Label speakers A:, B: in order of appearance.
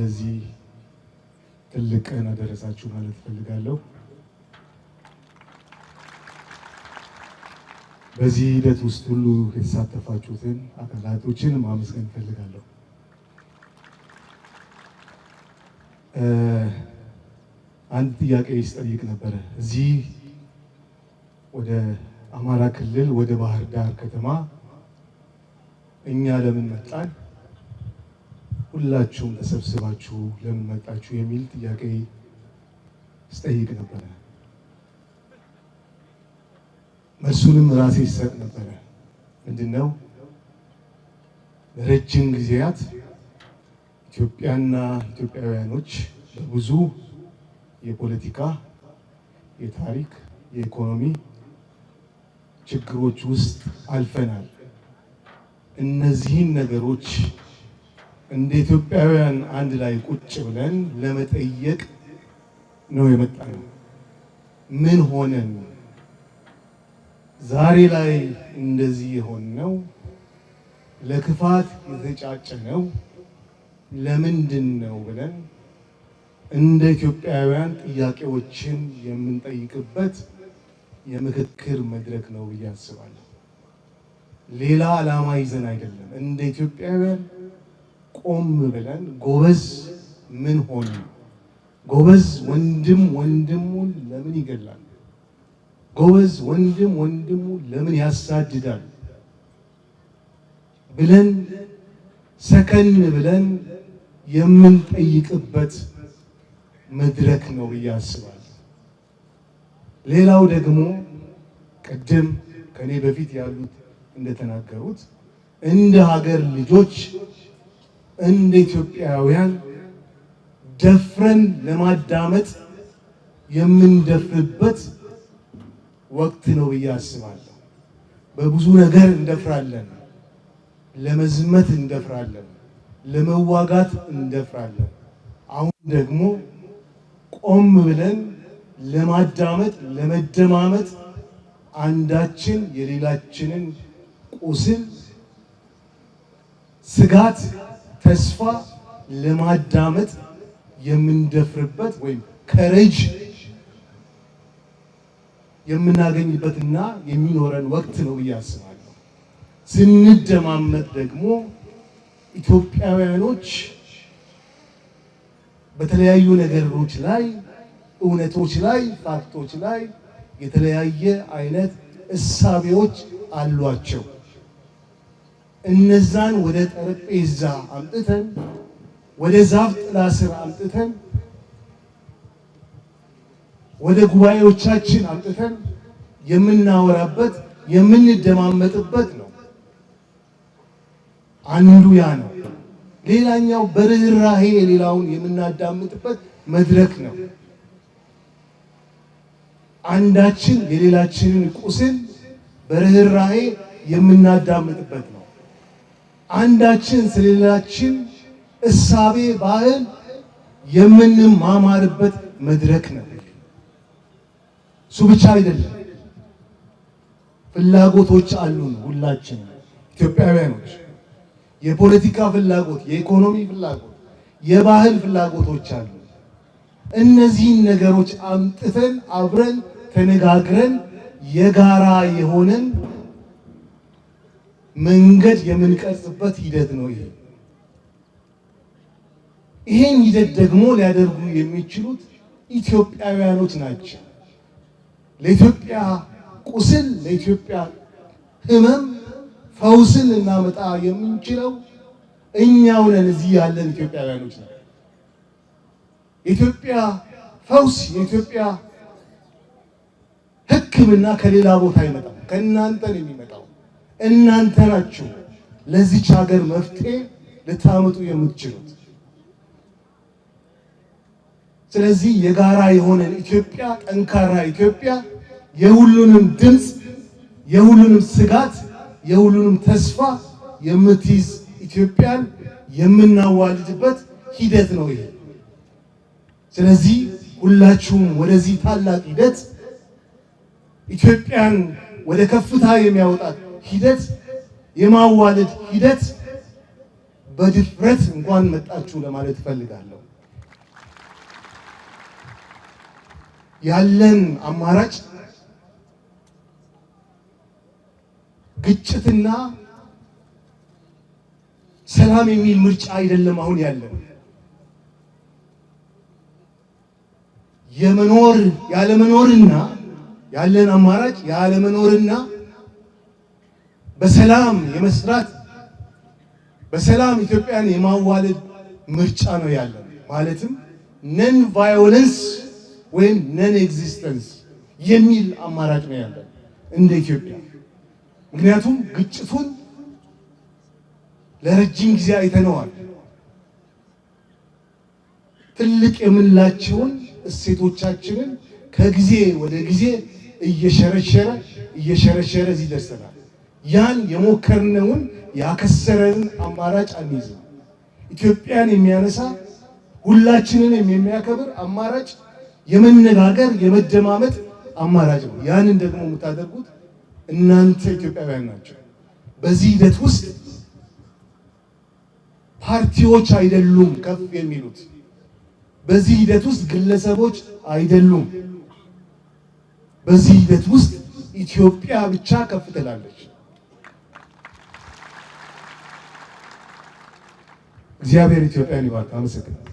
A: ለዚህ ትልቅ ቀን አደረሳችሁ ማለት እፈልጋለሁ። በዚህ ሂደት ውስጥ ሁሉ የተሳተፋችሁትን አካላቶችን ማመስገን እፈልጋለሁ። አንድ ጥያቄ ስጠይቅ ነበረ። እዚህ ወደ አማራ ክልል ወደ ባህር ዳር ከተማ እኛ ለምን መጣን? ሁላችሁም ተሰብስባችሁ ለምን መጣችሁ የሚል ጥያቄ ስጠይቅ ነበረ። መልሱንም ራሴ ይሰጥ ነበረ። ምንድን ነው ለረጅም ጊዜያት ኢትዮጵያና ኢትዮጵያውያኖች በብዙ የፖለቲካ፣ የታሪክ፣ የኢኮኖሚ ችግሮች ውስጥ አልፈናል። እነዚህን ነገሮች እንደ ኢትዮጵያውያን አንድ ላይ ቁጭ ብለን ለመጠየቅ ነው የመጣነው። ምን ሆነን ዛሬ ላይ እንደዚህ የሆነው? ለክፋት የተጫጨነው ለምንድን ነው ብለን እንደ ኢትዮጵያውያን ጥያቄዎችን የምንጠይቅበት የምክክር መድረክ ነው ብዬ አስባለሁ። ሌላ ዓላማ ይዘን አይደለም እንደ ኢትዮጵያውያን ቆም ብለን ጎበዝ ምን ሆነ? ጎበዝ ወንድም ወንድሙን ለምን ይገላል? ጎበዝ ወንድም ወንድሙን ለምን ያሳድዳል? ብለን ሰከን ብለን የምንጠይቅበት መድረክ ነው ብዬ አስባለሁ። ሌላው ደግሞ ቅድም ከኔ በፊት ያሉት እንደተናገሩት እንደ ሀገር ልጆች እንደ ኢትዮጵያውያን ደፍረን ለማዳመጥ የምንደፍርበት ወቅት ነው ብዬ አስባለሁ። በብዙ ነገር እንደፍራለን፣ ለመዝመት እንደፍራለን፣ ለመዋጋት እንደፍራለን። አሁን ደግሞ ቆም ብለን ለማዳመጥ፣ ለመደማመጥ አንዳችን የሌላችንን ቁስል ስጋት ተስፋ ለማዳመጥ የምንደፍርበት ወይም ከረጅ የምናገኝበትና የሚኖረን ወቅት ነው ብዬ አስባለሁ። ስንደማመጥ ደግሞ ኢትዮጵያውያኖች በተለያዩ ነገሮች ላይ እውነቶች ላይ ፋክቶች ላይ የተለያየ አይነት እሳቤዎች አሏቸው። እነዛን ወደ ጠረጴዛ አምጥተን ወደ ዛፍ ጥላ ስር አምጥተን ወደ ጉባኤዎቻችን አምጥተን የምናወራበት የምንደማመጥበት ነው። አንዱ ያ ነው። ሌላኛው በርኅራሄ ሌላውን የምናዳምጥበት መድረክ ነው። አንዳችን የሌላችንን ቁስል በርኅራሄ የምናዳምጥበት ነው። አንዳችን ስለሌላችን እሳቤ ባህል የምንማማርበት መድረክ ነው። እሱ ብቻ አይደለም፣ ፍላጎቶች አሉን። ሁላችን ኢትዮጵያውያኖች የፖለቲካ ፍላጎት፣ የኢኮኖሚ ፍላጎት፣ የባህል ፍላጎቶች አሉ። እነዚህን ነገሮች አምጥተን አብረን ተነጋግረን የጋራ የሆነን መንገድ የምንቀርጽበት ሂደት ነው። ይሄ ይሄን ሂደት ደግሞ ሊያደርጉ የሚችሉት ኢትዮጵያውያኖች ናቸው። ለኢትዮጵያ ቁስል፣ ለኢትዮጵያ ሕመም ፈውስን ልናመጣ የምንችለው እኛው ነን። እዚህ ያለን ኢትዮጵያውያኖች ነው። የኢትዮጵያ ፈውስ የኢትዮጵያ ሕክምና ከሌላ ቦታ አይመጣም፣ ከእናንተ ነው የሚመጣው። እናንተ ናችሁ ለዚች ሀገር መፍትሄ ልታመጡ የምትችሉት። ስለዚህ የጋራ የሆነን ኢትዮጵያ፣ ጠንካራ ኢትዮጵያ፣ የሁሉንም ድምፅ፣ የሁሉንም ስጋት፣ የሁሉንም ተስፋ የምትይዝ ኢትዮጵያን የምናዋልድበት ሂደት ነው ይሄ። ስለዚህ ሁላችሁም ወደዚህ ታላቅ ሂደት ኢትዮጵያን ወደ ከፍታ የሚያወጣት ሂደት የማዋለድ ሂደት በድፍረት እንኳን መጣችሁ ለማለት እፈልጋለሁ። ያለን አማራጭ ግጭትና ሰላም የሚል ምርጫ አይደለም። አሁን ያለን የመኖር ያለመኖርና ያለን አማራጭ ያለመኖርና በሰላም የመስራት በሰላም ኢትዮጵያን የማዋለድ ምርጫ ነው ያለን። ማለትም ነን ቫዮለንስ ወይም ነን ኤግዚስተንስ የሚል አማራጭ ነው ያለን እንደ ኢትዮጵያ። ምክንያቱም ግጭቱን ለረጅም ጊዜ አይተነዋል። ትልቅ የምንላቸውን እሴቶቻችንን ከጊዜ ወደ ጊዜ እየሸረሸረ እየሸረሸረ እዚህ ደርሰናል። ያን የሞከርነውን ያከሰረንን አማራጭ አንይዝም። ኢትዮጵያን የሚያነሳ ሁላችንንም የሚያከብር አማራጭ የመነጋገር የመደማመጥ አማራጭ ነው። ያንን ደግሞ የምታደርጉት እናንተ ኢትዮጵያውያን ናቸው። በዚህ ሂደት ውስጥ ፓርቲዎች አይደሉም ከፍ የሚሉት። በዚህ ሂደት ውስጥ ግለሰቦች አይደሉም። በዚህ ሂደት ውስጥ ኢትዮጵያ ብቻ ከፍ ትላለች። እግዚአብሔር ኢትዮጵያን ይባርክ። አመሰግናለሁ።